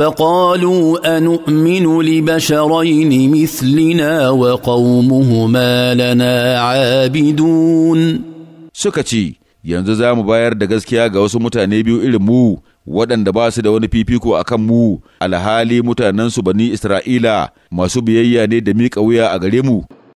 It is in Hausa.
فقالوا انومن لبشرين مثلنا وقومهما لنا عابدون suka ce yanzu za mu bayar da gaskiya ga wasu mutane biyu irin mu waɗanda ba su da wani fifiko a kan mu alhali mutanensu bani isra'ila masu biyayya ne da miƙa wuya a gare mu